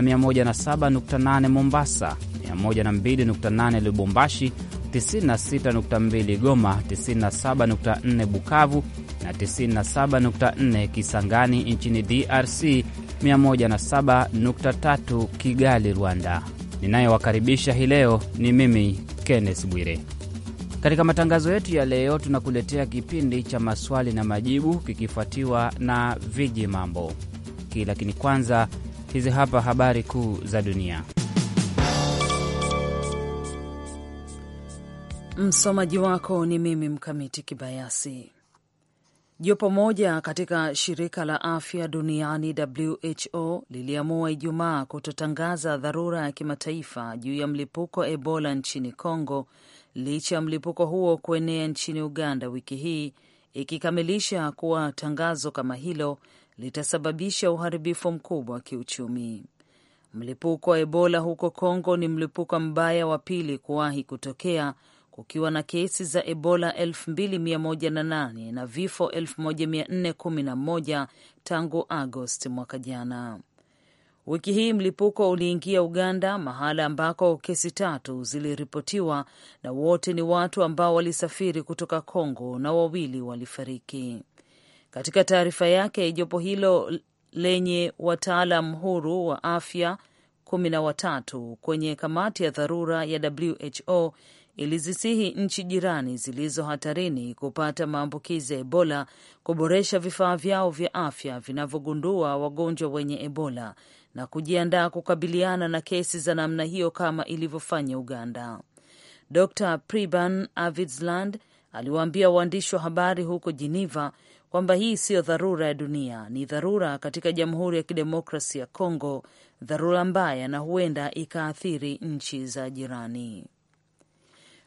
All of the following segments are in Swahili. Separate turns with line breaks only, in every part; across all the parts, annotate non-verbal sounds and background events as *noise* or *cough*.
na 107.8 Mombasa, 102.8 Lubumbashi, 96.2 Goma, 97.4 Bukavu na 97.4 Kisangani nchini DRC, 107.3 Kigali, Rwanda. Ninayowakaribisha hii leo ni mimi Kenneth Bwire. Katika matangazo yetu ya leo, tunakuletea kipindi cha maswali na majibu kikifuatiwa na viji mambo ki, lakini kwanza Hizi hapa habari kuu za dunia.
Msomaji wako ni mimi Mkamiti Kibayasi. Jopo moja katika shirika la afya duniani WHO liliamua Ijumaa kutotangaza dharura ya kimataifa juu ya mlipuko Ebola nchini Congo licha ya mlipuko huo kuenea nchini Uganda wiki hii, ikikamilisha kuwa tangazo kama hilo litasababisha uharibifu mkubwa wa kiuchumi. Mlipuko wa Ebola huko Kongo ni mlipuko mbaya wa pili kuwahi kutokea kukiwa na kesi za Ebola 2108 na vifo 1411 tangu Agosti mwaka jana. Wiki hii mlipuko uliingia Uganda, mahala ambako kesi tatu ziliripotiwa, na wote ni watu ambao walisafiri kutoka Kongo na wawili walifariki. Katika taarifa yake, jopo hilo lenye wataalam huru wa afya kumi na watatu kwenye kamati ya dharura ya WHO ilizisihi nchi jirani zilizo hatarini kupata maambukizi ya Ebola kuboresha vifaa vyao vya afya vinavyogundua wagonjwa wenye Ebola na kujiandaa kukabiliana na kesi za namna hiyo kama ilivyofanya Uganda. Dr Priban Avidsland aliwaambia waandishi wa habari huko Geneva kwamba hii siyo dharura ya dunia, ni dharura katika Jamhuri ya Kidemokrasi ya Kongo, dharura mbaya na huenda ikaathiri nchi za jirani.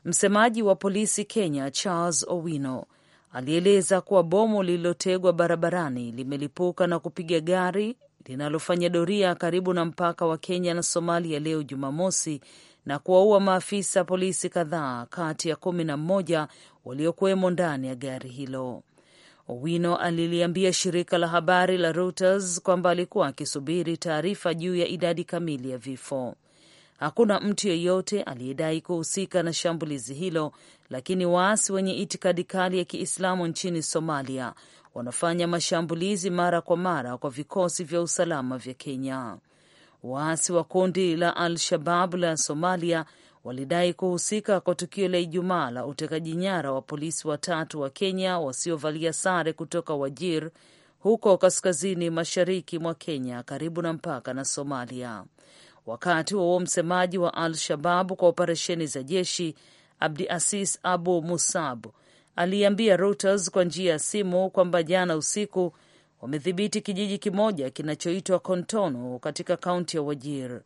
Msemaji wa polisi Kenya Charles Owino alieleza kuwa bomu lililotegwa barabarani limelipuka na kupiga gari linalofanya doria karibu na mpaka wa Kenya na Somalia leo Jumamosi na kuwaua maafisa polisi kadhaa kati ya kumi na mmoja waliokuwemo ndani ya gari hilo. Owino aliliambia shirika la habari la Reuters kwamba alikuwa akisubiri taarifa juu ya idadi kamili ya vifo. Hakuna mtu yeyote aliyedai kuhusika na shambulizi hilo, lakini waasi wenye itikadi kali ya Kiislamu nchini Somalia wanafanya mashambulizi mara kwa mara kwa vikosi vya usalama vya Kenya. Waasi wa kundi la Al-Shabab la Somalia walidai kuhusika kwa tukio la Ijumaa la utekaji nyara wa polisi watatu wa Kenya wasiovalia sare kutoka Wajir huko kaskazini mashariki mwa Kenya karibu na mpaka na Somalia. Wakati wa huo msemaji wa Al Shababu kwa operesheni za jeshi Abdi Asis Abu Musab aliambia Reuters kwa njia ya simu kwamba jana usiku wamedhibiti kijiji kimoja kinachoitwa Kontono katika kaunti ya Wajir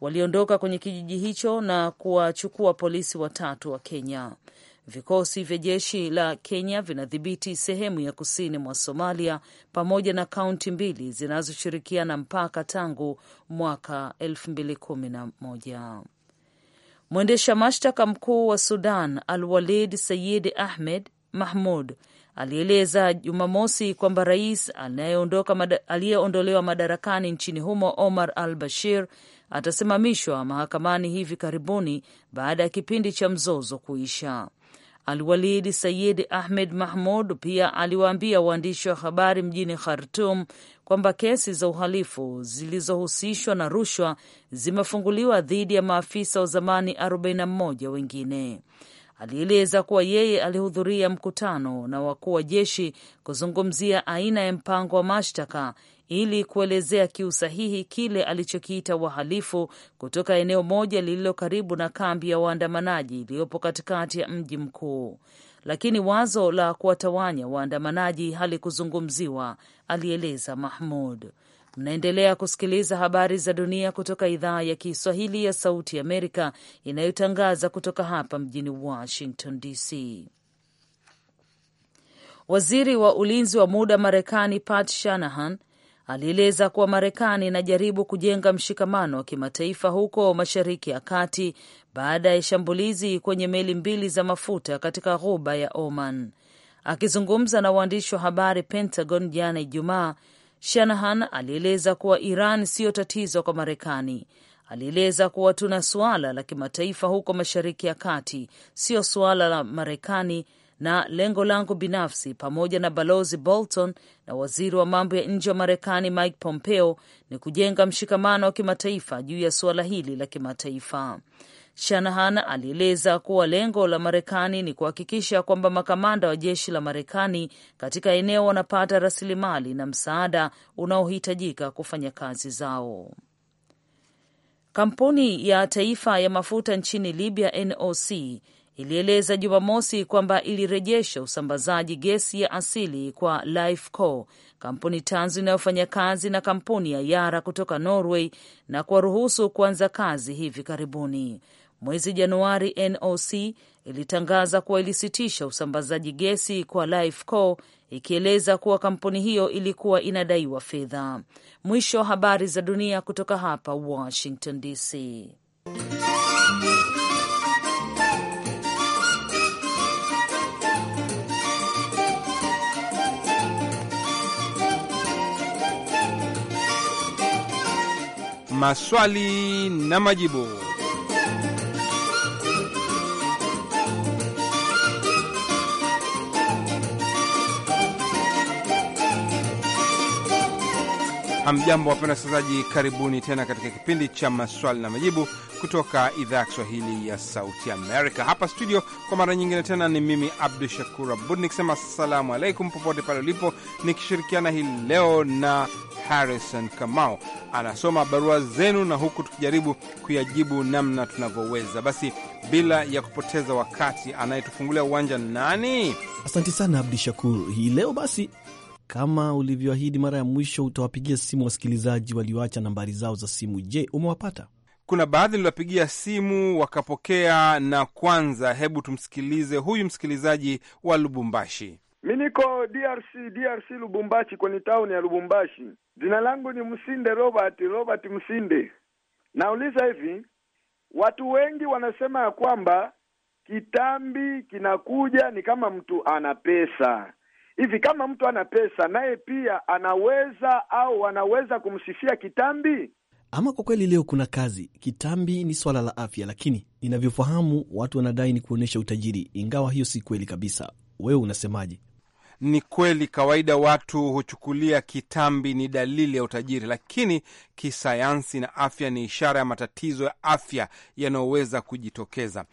waliondoka kwenye kijiji hicho na kuwachukua polisi watatu wa Kenya. Vikosi vya jeshi la Kenya vinadhibiti sehemu ya kusini mwa Somalia pamoja na kaunti mbili zinazoshirikiana mpaka tangu mwaka 2011. Mwendesha mashtaka mkuu wa Sudan Al-Walid Sayid Ahmed Mahmud alieleza Jumamosi kwamba rais aliyeondolewa madarakani nchini humo Omar Al Bashir atasimamishwa mahakamani hivi karibuni baada ya kipindi cha mzozo kuisha. Alwalid Sayid Ahmed Mahmud pia aliwaambia waandishi wa habari mjini Khartum kwamba kesi za uhalifu zilizohusishwa na rushwa zimefunguliwa dhidi ya maafisa wa zamani 41 wengine. Alieleza kuwa yeye alihudhuria mkutano na wakuu wa jeshi kuzungumzia aina ya mpango wa mashtaka ili kuelezea kiusahihi kile alichokiita wahalifu kutoka eneo moja lililo karibu na kambi ya waandamanaji iliyopo katikati ya mji mkuu. Lakini wazo la kuwatawanya waandamanaji halikuzungumziwa, alieleza Mahmud. Mnaendelea kusikiliza habari za dunia kutoka idhaa ya Kiswahili ya Sauti Amerika inayotangaza kutoka hapa mjini Washington DC. Waziri wa ulinzi wa muda Marekani Pat Shanahan alieleza kuwa Marekani inajaribu kujenga mshikamano wa kimataifa huko Mashariki ya Kati baada ya shambulizi kwenye meli mbili za mafuta katika ghuba ya Oman. Akizungumza na waandishi wa habari Pentagon jana Ijumaa, Shanahan alieleza kuwa Iran siyo tatizo kwa Marekani. Alieleza kuwa tuna suala la kimataifa huko Mashariki ya Kati, siyo suala la Marekani na lengo langu binafsi pamoja na Balozi Bolton na waziri wa mambo ya nje wa Marekani Mike Pompeo ni kujenga mshikamano wa kimataifa juu ya suala hili la kimataifa. Shanahan alieleza kuwa lengo la Marekani ni kuhakikisha kwamba makamanda wa jeshi la Marekani katika eneo wanapata rasilimali na msaada unaohitajika kufanya kazi zao. Kampuni ya taifa ya mafuta nchini Libya, NOC, ilieleza Jumamosi kwamba ilirejesha usambazaji gesi ya asili kwa Lifeco, kampuni tanzu inayofanya kazi na kampuni ya Yara kutoka Norway, na kuwaruhusu kuanza kazi hivi karibuni. Mwezi Januari, NOC ilitangaza kuwa ilisitisha usambazaji gesi kwa Lifeco, ikieleza kuwa kampuni hiyo ilikuwa inadaiwa fedha. Mwisho wa habari za dunia kutoka hapa Washington DC.
maswali na majibu. Hamjambo, wapenda wasikilizaji, karibuni tena katika kipindi cha maswali na majibu kutoka idhaa ya Kiswahili ya Sauti Amerika hapa studio. Kwa mara nyingine tena ni mimi Abdu Shakur Abud nikisema assalamu alaikum popote pale ulipo, nikishirikiana hii leo na Harrison Kamau anasoma barua zenu, na huku tukijaribu kuyajibu namna tunavyoweza. Basi bila ya kupoteza wakati, anayetufungulia uwanja nani?
Asante sana Abdu Shakur. Hii leo basi kama ulivyoahidi mara ya mwisho, utawapigia simu wasikilizaji walioacha nambari zao za simu. Je, umewapata?
Kuna baadhi niliwapigia simu wakapokea. Na kwanza, hebu tumsikilize huyu msikilizaji wa Lubumbashi. Mi niko DRC, DRC Lubumbashi, kwenye tauni ya Lubumbashi. Jina langu ni Msinde Robert, Robert Msinde. Nauliza hivi, watu wengi wanasema ya kwamba kitambi kinakuja ni kama mtu ana pesa, hivi kama mtu ana pesa naye pia anaweza au anaweza kumsifia kitambi?
Ama kwa kweli, leo kuna kazi. Kitambi ni swala la afya, lakini ninavyofahamu watu wanadai ni kuonyesha utajiri, ingawa hiyo si kweli kabisa. Wewe unasemaje?
Ni kweli, kawaida watu huchukulia kitambi ni dalili ya utajiri, lakini kisayansi na afya ni ishara ya matatizo ya afya yanayoweza kujitokeza.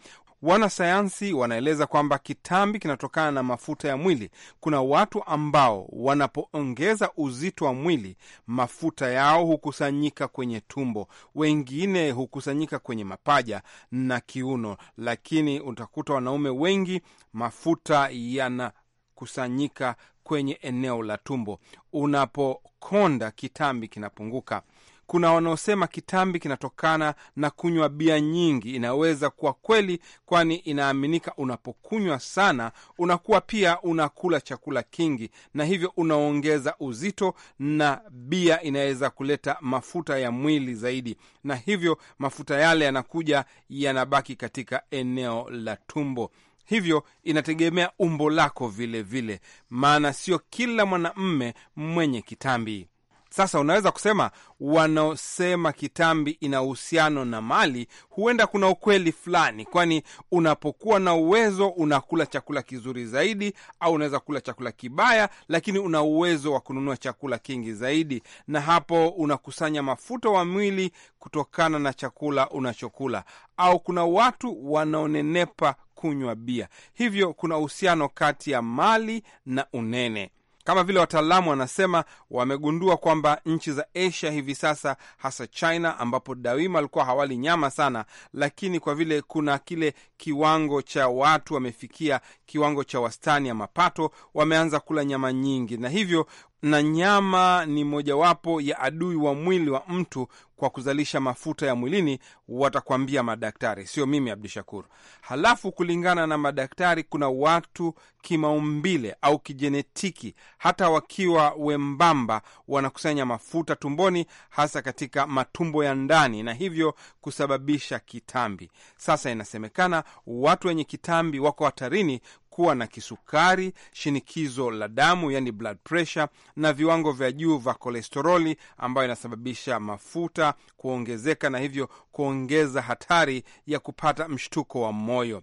Wanasayansi wanaeleza kwamba kitambi kinatokana na mafuta ya mwili. Kuna watu ambao wanapoongeza uzito wa mwili, mafuta yao hukusanyika kwenye tumbo, wengine hukusanyika kwenye mapaja na kiuno, lakini utakuta wanaume wengi mafuta yanakusanyika kwenye eneo la tumbo. Unapokonda, kitambi kinapunguka. Kuna wanaosema kitambi kinatokana na kunywa bia nyingi. Inaweza kuwa kweli, kwani inaaminika unapokunywa sana unakuwa pia unakula chakula kingi, na hivyo unaongeza uzito, na bia inaweza kuleta mafuta ya mwili zaidi, na hivyo mafuta yale yanakuja yanabaki katika eneo la tumbo. Hivyo inategemea umbo lako vilevile, maana sio kila mwanamme mwenye kitambi. Sasa unaweza kusema wanaosema kitambi ina uhusiano na Mali, huenda kuna ukweli fulani, kwani unapokuwa na uwezo unakula chakula kizuri zaidi, au unaweza kula chakula kibaya, lakini una uwezo wa kununua chakula kingi zaidi, na hapo unakusanya mafuta wa mwili kutokana na chakula unachokula. Au kuna watu wanaonenepa kunywa bia, hivyo kuna uhusiano kati ya mali na unene. Kama vile wataalamu wanasema, wamegundua kwamba nchi za Asia hivi sasa, hasa China ambapo daima walikuwa hawali nyama sana, lakini kwa vile kuna kile kiwango cha watu wamefikia kiwango cha wastani ya mapato, wameanza kula nyama nyingi, na hivyo na nyama ni mojawapo ya adui wa mwili wa mtu kwa kuzalisha mafuta ya mwilini, watakwambia madaktari, sio mimi Abdu Shakur. Halafu kulingana na madaktari, kuna watu kimaumbile au kijenetiki, hata wakiwa wembamba, wanakusanya mafuta tumboni, hasa katika matumbo ya ndani, na hivyo kusababisha kitambi. Sasa inasemekana watu wenye kitambi wako hatarini kuwa na kisukari, shinikizo la damu yani blood pressure, na viwango vya juu vya kolesteroli ambayo inasababisha mafuta kuongezeka na hivyo kuongeza hatari ya kupata mshtuko wa moyo.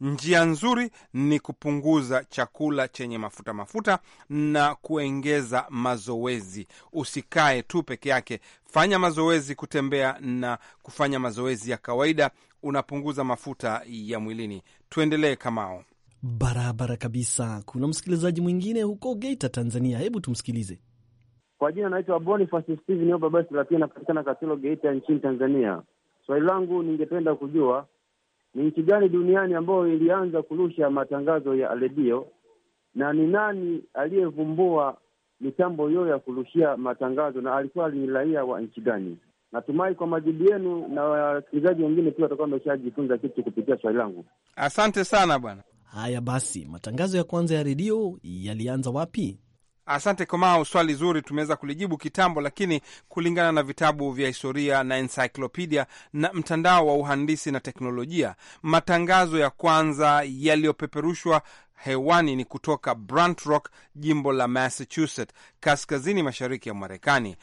Njia nzuri ni kupunguza chakula chenye mafuta mafuta na kuengeza mazoezi. Usikae tu peke yake, fanya mazoezi, kutembea na kufanya mazoezi ya kawaida, unapunguza mafuta ya mwilini. Tuendelee kamao
barabara kabisa. Kuna msikilizaji mwingine huko Geita, Tanzania. Hebu tumsikilize.
Kwa jina anaitwa Boniface Steven Oba lakini
napatikana Katilo, Geita nchini Tanzania. Swali langu, ningependa kujua ni nchi gani duniani ambayo ilianza kurusha matangazo ya redio na ni nani
aliyevumbua mitambo hiyo ya kurushia matangazo na alikuwa ni raia wa nchi gani? Natumai kwa majibu yenu na wasikilizaji wengine pia watakuwa wameshajifunza kitu kupitia swali langu. Asante sana bwana.
Haya basi, matangazo ya kwanza ya redio yalianza wapi?
Asante Komao, swali zuri. Tumeweza kulijibu kitambo, lakini kulingana na vitabu vya historia na encyclopedia na mtandao wa uhandisi na teknolojia, matangazo ya kwanza yaliyopeperushwa hewani ni kutoka Brant Rock, jimbo la Massachusetts, kaskazini mashariki ya Marekani,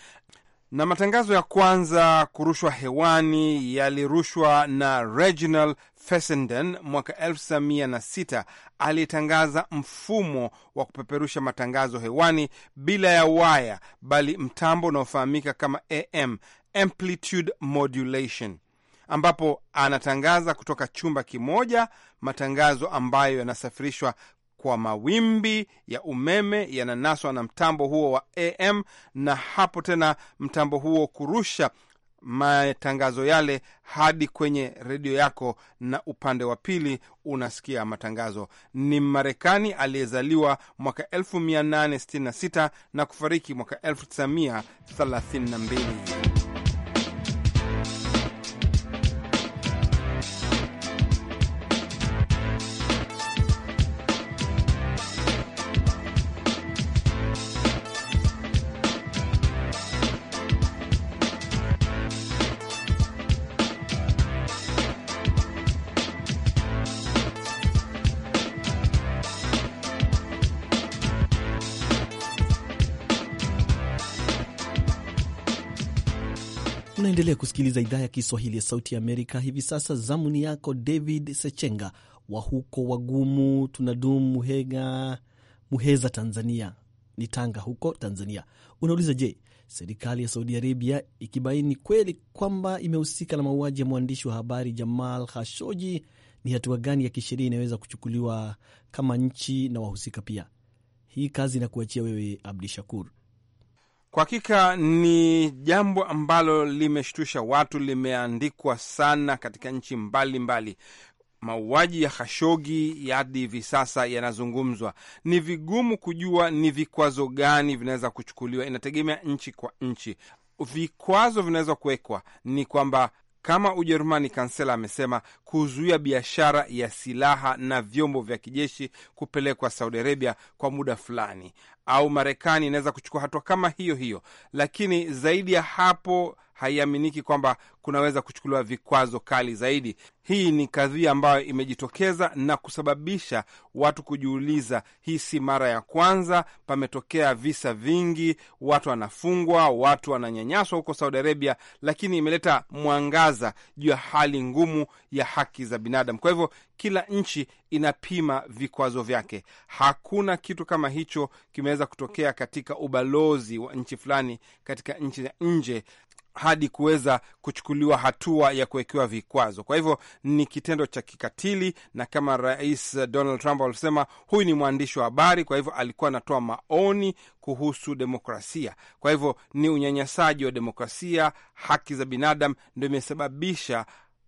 na matangazo ya kwanza kurushwa hewani yalirushwa na Reginal Fessenden mwaka 1906 aliyetangaza mfumo wa kupeperusha matangazo hewani bila ya waya, bali mtambo unaofahamika kama AM, amplitude modulation, ambapo anatangaza kutoka chumba kimoja, matangazo ambayo yanasafirishwa kwa mawimbi ya umeme yananaswa na mtambo huo wa AM, na hapo tena mtambo huo kurusha matangazo yale hadi kwenye redio yako, na upande wa pili unasikia matangazo. Ni Marekani aliyezaliwa mwaka 1866 na kufariki mwaka 1932.
Unaendelea kusikiliza idhaa ya Kiswahili ya Sauti ya Amerika. Hivi sasa zamu ni yako David Sechenga wa huko Wagumu tunadum Muhega, Muheza, Tanzania ni Tanga huko Tanzania. Unauliza, je, serikali ya Saudi Arabia ikibaini kweli kwamba imehusika na mauaji ya mwandishi wa habari Jamal khashoji ni hatua gani ya kisheria inaweza kuchukuliwa kama nchi na wahusika pia? Hii kazi inakuachia wewe, Abdi Shakur.
Kwa hakika ni jambo ambalo limeshtusha watu, limeandikwa sana katika nchi mbalimbali. Mauaji ya Khashogi hadi hivi sasa yanazungumzwa. Ni vigumu kujua ni vikwazo gani vinaweza kuchukuliwa, inategemea nchi kwa nchi. Vikwazo vinaweza kuwekwa ni kwamba kama Ujerumani, kansela amesema kuzuia biashara ya silaha na vyombo vya kijeshi kupelekwa Saudi Arabia kwa muda fulani au Marekani inaweza kuchukua hatua kama hiyo hiyo, lakini zaidi ya hapo haiaminiki kwamba kunaweza kuchukuliwa vikwazo kali zaidi. Hii ni kadhia ambayo imejitokeza na kusababisha watu kujiuliza, hii si mara ya kwanza. Pametokea visa vingi, watu wanafungwa, watu wananyanyaswa huko Saudi Arabia, lakini imeleta mwangaza juu ya hali ngumu ya haki za binadamu. Kwa hivyo kila nchi inapima vikwazo vyake. Hakuna kitu kama hicho kimeweza kutokea katika ubalozi wa nchi fulani katika nchi za nje hadi kuweza kuchukuliwa hatua ya kuwekewa vikwazo. Kwa hivyo ni kitendo cha kikatili, na kama Rais Donald Trump alisema, huyu ni mwandishi wa habari, kwa hivyo alikuwa anatoa maoni kuhusu demokrasia. Kwa hivyo ni unyanyasaji wa demokrasia, haki za binadamu, ndio imesababisha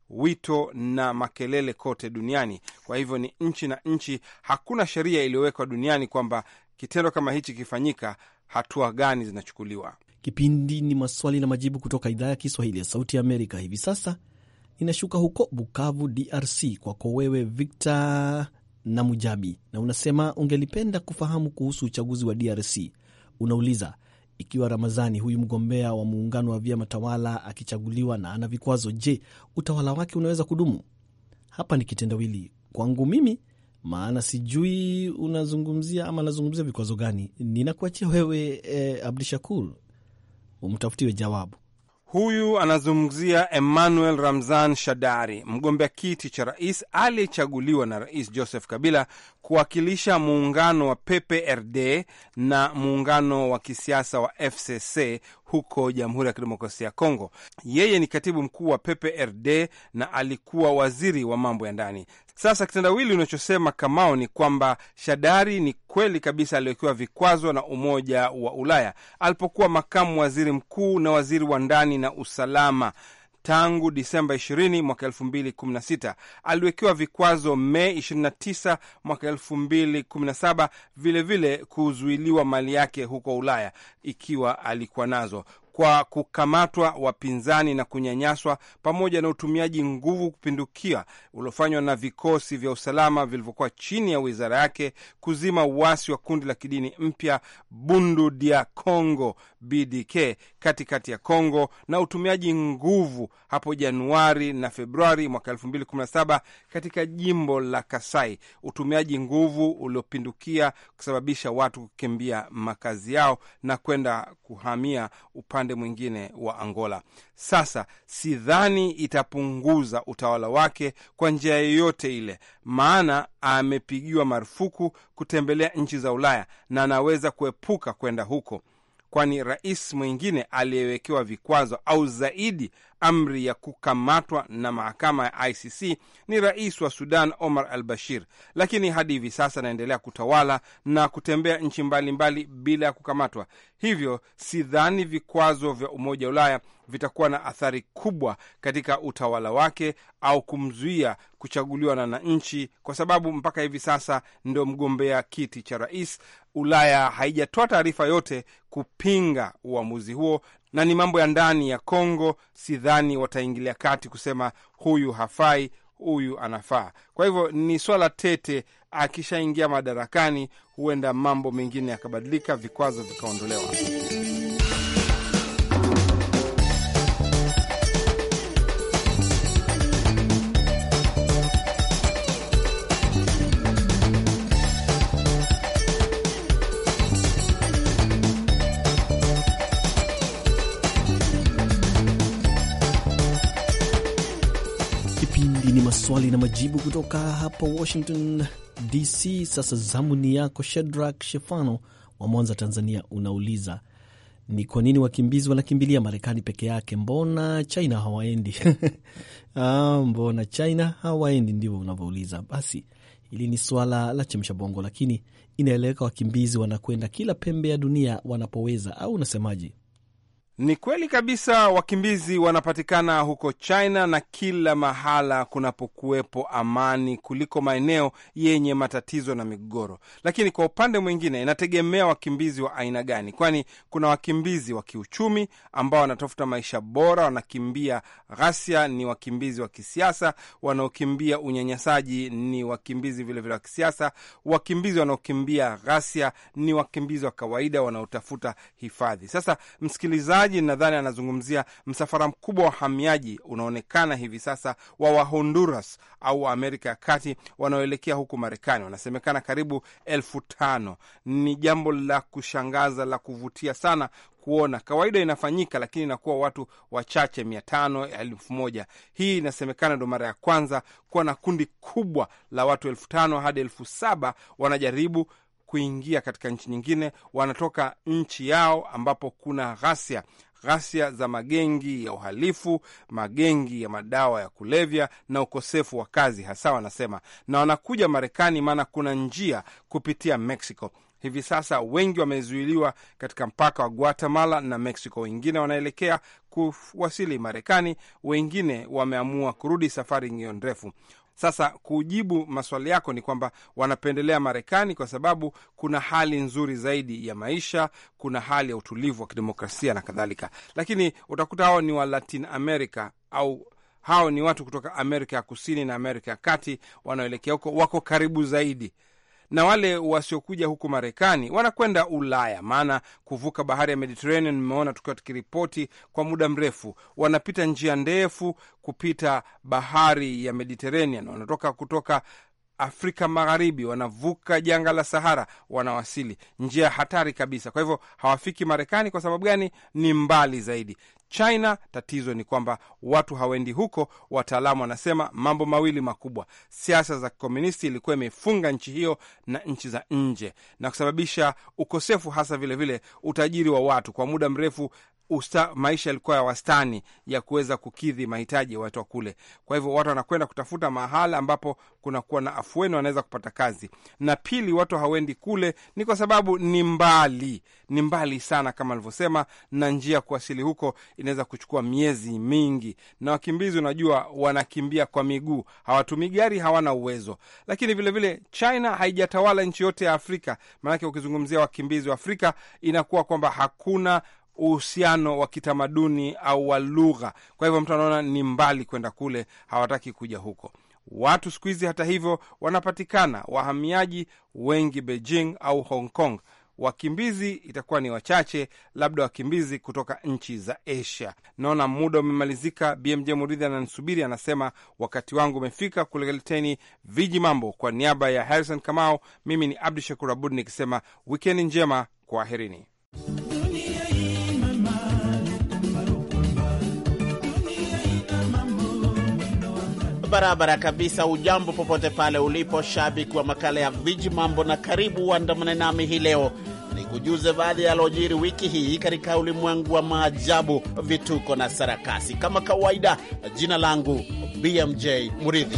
wito na makelele kote duniani. Kwa hivyo ni nchi na nchi, hakuna sheria iliyowekwa duniani kwamba kitendo kama hichi kifanyika, hatua gani zinachukuliwa.
Kipindi ni maswali na majibu kutoka idhaa ya Kiswahili ya Sauti ya Amerika. Hivi sasa inashuka huko Bukavu, DRC, kwako wewe Victor na Mujabi, na unasema ungelipenda kufahamu kuhusu uchaguzi wa DRC. Unauliza, ikiwa Ramazani huyu mgombea wa muungano wa vyama tawala akichaguliwa na ana vikwazo, je, utawala wake unaweza kudumu? Hapa ni kitendawili kwangu mimi, maana sijui unazungumzia ama anazungumzia vikwazo gani. Ninakuachia wewe eh, Abdishakur umtafutiwe jawabu.
Huyu anazungumzia Emmanuel Ramzan Shadari, mgombea kiti cha rais aliyechaguliwa na Rais Joseph Kabila kuwakilisha muungano wa PPRD na muungano wa kisiasa wa FCC huko Jamhuri ya Kidemokrasia ya Kongo. Yeye ni katibu mkuu wa PPRD na alikuwa waziri wa mambo ya ndani. Sasa kitendawili unachosema Kamao ni kwamba Shadari ni kweli kabisa aliwekewa vikwazo na Umoja wa Ulaya alipokuwa makamu waziri mkuu na waziri wa ndani na usalama tangu Disemba 20 mwaka 2016. Aliwekewa vikwazo Mei 29 mwaka 2017, vilevile kuzuiliwa mali yake huko Ulaya ikiwa alikuwa nazo kwa kukamatwa wapinzani na kunyanyaswa pamoja na utumiaji nguvu kupindukia uliofanywa na vikosi vya usalama vilivyokuwa chini ya wizara yake kuzima uasi wa kundi la kidini mpya Bundu dia Congo BDK katikati ya Congo na utumiaji nguvu hapo Januari na Februari mwaka 2017 katika jimbo la Kasai, utumiaji nguvu uliopindukia kusababisha watu kukimbia makazi yao na kwenda kuhamia upande upande mwingine wa Angola. Sasa sidhani itapunguza utawala wake kwa njia yoyote ile, maana amepigiwa marufuku kutembelea nchi za Ulaya na anaweza kuepuka kwenda huko, kwani rais mwingine aliyewekewa vikwazo au zaidi amri ya kukamatwa na mahakama ya ICC ni rais wa Sudan Omar al Bashir, lakini hadi hivi sasa anaendelea kutawala na kutembea nchi mbalimbali bila ya kukamatwa. Hivyo sidhani vikwazo vya Umoja wa Ulaya vitakuwa na athari kubwa katika utawala wake au kumzuia kuchaguliwa na wananchi, kwa sababu mpaka hivi sasa ndio mgombea kiti cha rais. Ulaya haijatoa taarifa yote kupinga uamuzi huo na ni mambo ya ndani ya Kongo. Sidhani wataingilia kati kusema huyu hafai, huyu anafaa. Kwa hivyo ni swala tete. Akishaingia madarakani, huenda mambo mengine yakabadilika, vikwazo vikaondolewa.
maswali na majibu kutoka hapa Washington DC. Sasa zamu ni yako Shedrak Shefano wa Mwanza, Tanzania. Unauliza ni kwa nini wakimbizi wanakimbilia Marekani peke yake, mbona China hawaendi? *laughs* Ah, mbona China hawaendi, ndivyo unavyouliza. Basi hili ni swala la chemsha bongo, lakini inaeleweka, wakimbizi wanakwenda kila pembe ya dunia wanapoweza, au unasemaje?
Ni kweli kabisa, wakimbizi wanapatikana huko China na kila mahala kunapokuwepo amani kuliko maeneo yenye matatizo na migogoro. Lakini kwa upande mwingine, inategemea wakimbizi wa aina gani, kwani kuna wakimbizi wa kiuchumi ambao wanatafuta maisha bora, wanakimbia ghasia, ni wakimbizi wa kisiasa. Wanaokimbia unyanyasaji ni wakimbizi vilevile wa kisiasa. Wakimbizi wanaokimbia ghasia ni wakimbizi wa kawaida wanaotafuta hifadhi. Sasa msikilizaji msikilizaji, nadhani anazungumzia msafara mkubwa wa wahamiaji unaonekana hivi sasa wa Wahonduras au Amerika ya Kati wanaoelekea huku Marekani, wanasemekana karibu elfu tano. Ni jambo la kushangaza la kuvutia sana kuona kawaida inafanyika, lakini inakuwa watu wachache, mia tano elfu moja. Hii inasemekana ndo mara ya kwanza kuwa na kundi kubwa la watu elfu tano hadi elfu saba wanajaribu kuingia katika nchi nyingine, wanatoka nchi yao ambapo kuna ghasia ghasia za magengi ya uhalifu, magengi ya madawa ya kulevya na ukosefu wa kazi hasa wanasema, na wanakuja Marekani maana kuna njia kupitia Mexico. Hivi sasa wengi wamezuiliwa katika mpaka wa Guatemala na Mexico, wengine wanaelekea kuwasili Marekani, wengine wameamua kurudi safari ngio ndefu. Sasa kujibu maswali yako ni kwamba wanapendelea Marekani kwa sababu kuna hali nzuri zaidi ya maisha, kuna hali ya utulivu wa kidemokrasia na kadhalika, lakini utakuta hao ni wa Latin America au hao ni watu kutoka Amerika ya Kusini na Amerika ya Kati wanaoelekea huko, wako karibu zaidi na wale wasiokuja huku Marekani wanakwenda Ulaya, maana kuvuka bahari ya Mediterranean, mmeona tukiwa tukiripoti kwa muda mrefu, wanapita njia ndefu kupita bahari ya Mediterranean, wanatoka kutoka Afrika Magharibi wanavuka janga la Sahara, wanawasili njia hatari kabisa. Kwa hivyo hawafiki Marekani. Kwa sababu gani? Ni mbali zaidi. China, tatizo ni kwamba watu hawaendi huko. Wataalamu wanasema mambo mawili makubwa: siasa za kikomunisti ilikuwa imefunga nchi hiyo na nchi za nje, na kusababisha ukosefu hasa vilevile vile utajiri wa watu kwa muda mrefu usta, maisha yalikuwa ya wastani ya kuweza kukidhi mahitaji ya watu wa kule. Kwa hivyo watu wanakwenda kutafuta mahala ambapo kunakuwa na afueni, wanaweza kupata kazi. Na pili, watu hawendi kule ni kwa sababu ni mbali, ni mbali sana kama alivyosema, na njia ya kuwasili huko inaweza kuchukua miezi mingi. Na wakimbizi, unajua, wanakimbia kwa miguu, hawatumii gari, hawana uwezo. Lakini vilevile vile, China haijatawala nchi yote ya Afrika, maanake ukizungumzia wakimbizi wa Afrika inakuwa kwamba hakuna uhusiano wa kitamaduni au wa lugha. Kwa hivyo mtu anaona ni mbali kwenda kule, hawataki kuja huko. Watu siku hizi hata hivyo wanapatikana wahamiaji wengi Beijing au Hong Kong. Wakimbizi itakuwa ni wachache, labda wakimbizi kutoka nchi za Asia. Naona muda umemalizika. BMJ Muridhi ananisubiri, anasema wakati wangu umefika kuleleteni viji mambo. Kwa niaba ya Harrison Kamau, mimi ni Abdu Shakur Abud nikisema wikendi njema, kwaherini.
barabara kabisa. Ujambo popote pale ulipo, shabiki wa makala ya viji mambo, na karibu uandamane nami hii leo nikujuze baadhi ya yalojiri wiki hii katika ulimwengu wa maajabu, vituko na sarakasi. Kama kawaida, jina langu BMJ Muridhi.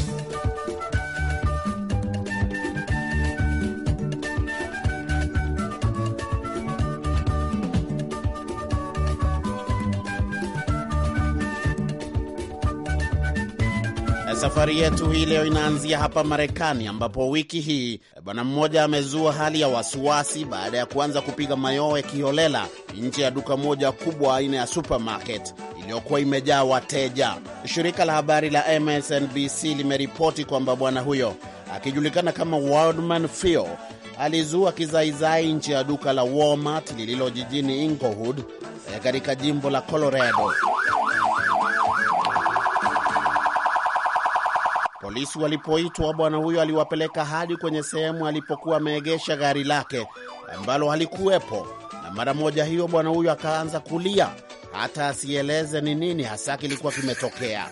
Safari yetu hii leo inaanzia hapa Marekani, ambapo wiki hii eh, bwana mmoja amezua hali ya wasiwasi baada ya kuanza kupiga mayowe kiholela nje ya duka moja kubwa aina ya supermarket iliyokuwa imejaa wateja. Shirika la habari la MSNBC limeripoti kwamba bwana huyo akijulikana kama Waldman Phil alizua kizaizai nje ya duka la Walmart lililo jijini Inglewood eh, katika jimbo la Colorado. Polisi walipoitwa, bwana huyo aliwapeleka hadi kwenye sehemu alipokuwa ameegesha gari lake ambalo halikuwepo, na mara moja hiyo bwana huyo akaanza kulia, hata asieleze ni nini hasa kilikuwa kimetokea.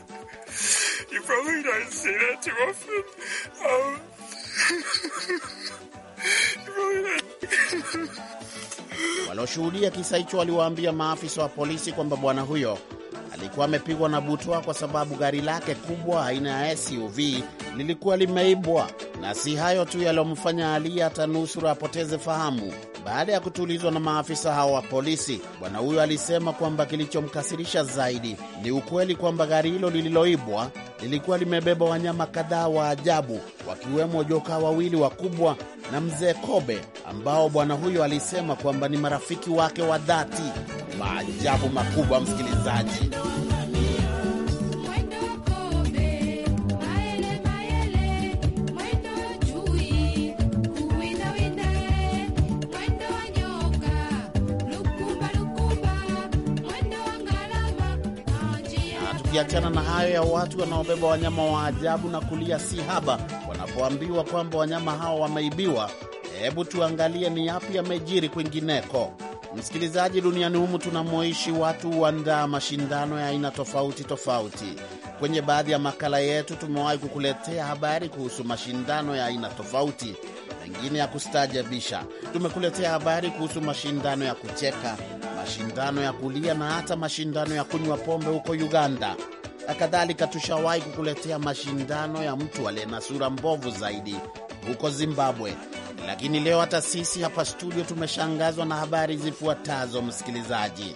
Walioshuhudia kisa hicho waliwaambia maafisa wa polisi kwamba bwana huyo alikuwa amepigwa na butwa kwa sababu gari lake kubwa aina ya SUV lilikuwa limeibwa. Na si hayo tu yaliyomfanya Ali nusura apoteze fahamu. Baada ya kutulizwa na maafisa hao wa polisi, bwana huyo alisema kwamba kilichomkasirisha zaidi ni ukweli kwamba gari hilo lililoibwa lilikuwa limebeba wanyama kadhaa wa ajabu, wakiwemo joka wawili wakubwa na mzee kobe, ambao bwana huyo alisema kwamba ni marafiki wake wa dhati maajabu makubwa, msikilizaji. Achana na hayo ya watu wanaobeba wanyama wa ajabu na kulia si haba wanapoambiwa kwamba wanyama hao wameibiwa. Hebu tuangalie ni yapi yamejiri kwingineko. Msikilizaji, duniani humu tunamoishi watu huandaa mashindano ya aina tofauti tofauti. Kwenye baadhi ya makala yetu tumewahi kukuletea habari kuhusu mashindano ya aina tofauti, mengine ya kustaajabisha. Tumekuletea habari kuhusu mashindano ya kucheka, mashindano ya kulia na hata mashindano ya kunywa pombe huko Uganda. na Kadhalika, tushawahi kukuletea mashindano ya mtu aliye na sura mbovu zaidi huko Zimbabwe. Lakini leo hata sisi hapa studio tumeshangazwa na habari zifuatazo, msikilizaji.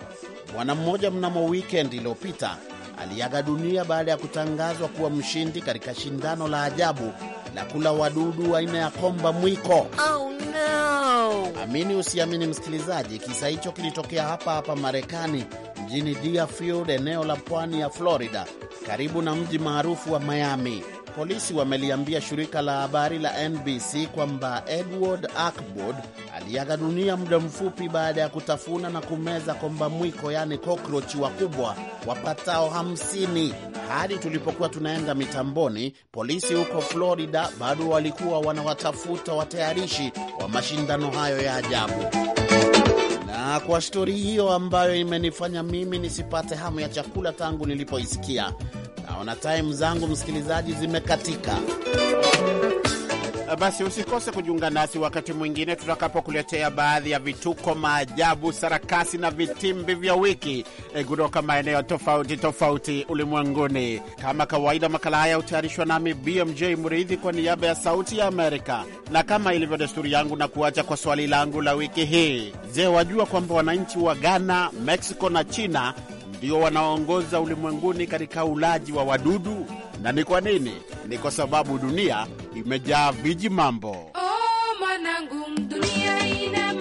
Bwana mmoja mnamo wikend iliyopita aliaga dunia baada ya kutangazwa kuwa mshindi katika shindano la ajabu la kula wadudu aina ya komba mwiko. Oh, no. Amini usiamini, msikilizaji, kisa hicho kilitokea hapa hapa Marekani, mjini Deerfield, eneo la pwani ya Florida, karibu na mji maarufu wa Miami. Polisi wameliambia shirika la habari la NBC kwamba Edward Akbod aliaga dunia muda mfupi baada ya kutafuna na kumeza komba mwiko, yaani kokrochi wakubwa wapatao 50. Hadi tulipokuwa tunaenda mitamboni, polisi huko Florida bado walikuwa wanawatafuta watayarishi wa mashindano hayo ya ajabu. Na kwa stori hiyo ambayo imenifanya mimi nisipate hamu ya chakula tangu nilipoisikia, Naona taimu zangu msikilizaji zimekatika. Basi usikose kujiunga nasi wakati mwingine tutakapokuletea baadhi ya vituko, maajabu, sarakasi na vitimbi vya wiki eh, kutoka maeneo tofauti tofauti ulimwenguni. Kama kawaida, makala haya hutayarishwa nami BMJ Mridhi kwa niaba ya Sauti ya Amerika, na kama ilivyo desturi yangu, na kuacha kwa swali langu la wiki hii. Je, wajua kwamba wananchi wa Ghana, Meksiko na China ndio wanaongoza ulimwenguni katika ulaji wa wadudu. Na ni kwa nini? Ni kwa sababu dunia imejaa viji mambo.
Oh, manangu, dunia ina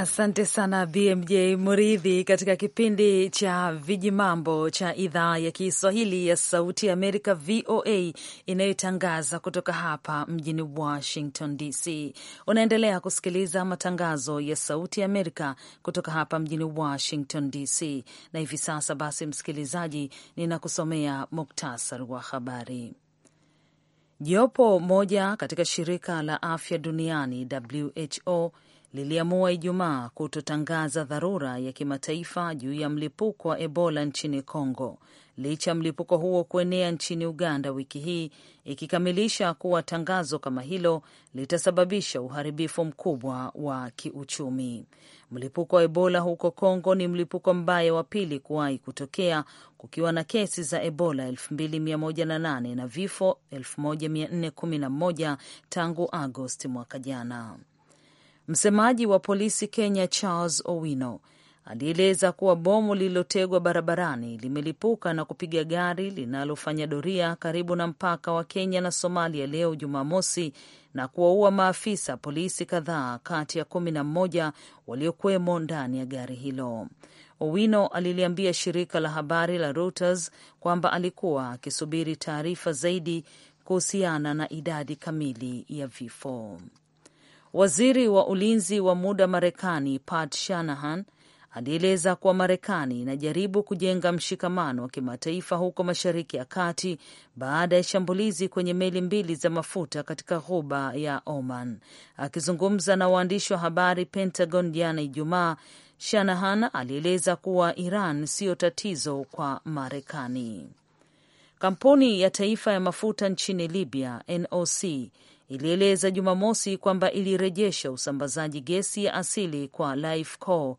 Asante sana BMJ Muridhi, katika kipindi cha Vijimambo cha idhaa ya Kiswahili ya Sauti ya Amerika, VOA, inayotangaza kutoka hapa mjini Washington DC. Unaendelea kusikiliza matangazo ya Sauti ya Amerika kutoka hapa mjini Washington DC, na hivi sasa basi, msikilizaji, ninakusomea muktasari wa habari. Jopo moja katika shirika la afya duniani WHO liliamua Ijumaa kutotangaza dharura ya kimataifa juu ya mlipuko wa Ebola nchini congo licha ya mlipuko huo kuenea nchini Uganda wiki hii, ikikamilisha kuwa tangazo kama hilo litasababisha uharibifu mkubwa wa kiuchumi. Mlipuko wa Ebola huko congo ni mlipuko mbaya wa pili kuwahi kutokea, kukiwa na kesi za Ebola 2108 na vifo 1411 tangu Agosti mwaka jana. Msemaji wa polisi Kenya Charles Owino alieleza kuwa bomu lililotegwa barabarani limelipuka na kupiga gari linalofanya doria karibu na mpaka wa Kenya na Somalia leo Jumamosi na kuwaua maafisa polisi kadhaa kati ya kumi na mmoja waliokuwemo ndani ya gari hilo. Owino aliliambia shirika la habari la Reuters kwamba alikuwa akisubiri taarifa zaidi kuhusiana na idadi kamili ya vifo. Waziri wa ulinzi wa muda Marekani Pat Shanahan alieleza kuwa Marekani inajaribu kujenga mshikamano wa kimataifa huko Mashariki ya Kati baada ya shambulizi kwenye meli mbili za mafuta katika ghuba ya Oman. Akizungumza na waandishi wa habari Pentagon jana Ijumaa, Shanahan alieleza kuwa Iran siyo tatizo kwa Marekani. Kampuni ya taifa ya mafuta nchini Libya, NOC, ilieleza Jumamosi kwamba ilirejesha usambazaji gesi ya asili kwa Lifeco,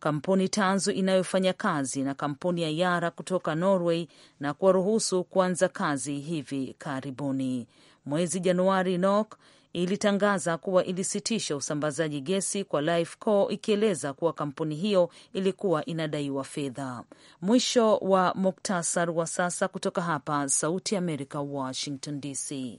kampuni tanzu inayofanya kazi na kampuni ya Yara kutoka Norway na kuwaruhusu kuanza kazi hivi karibuni. Mwezi Januari, nok ilitangaza kuwa ilisitisha usambazaji gesi kwa Lifeco ikieleza kuwa kampuni hiyo ilikuwa inadaiwa fedha. Mwisho wa muktasar wa sasa kutoka hapa Sauti ya Amerika, Washington DC.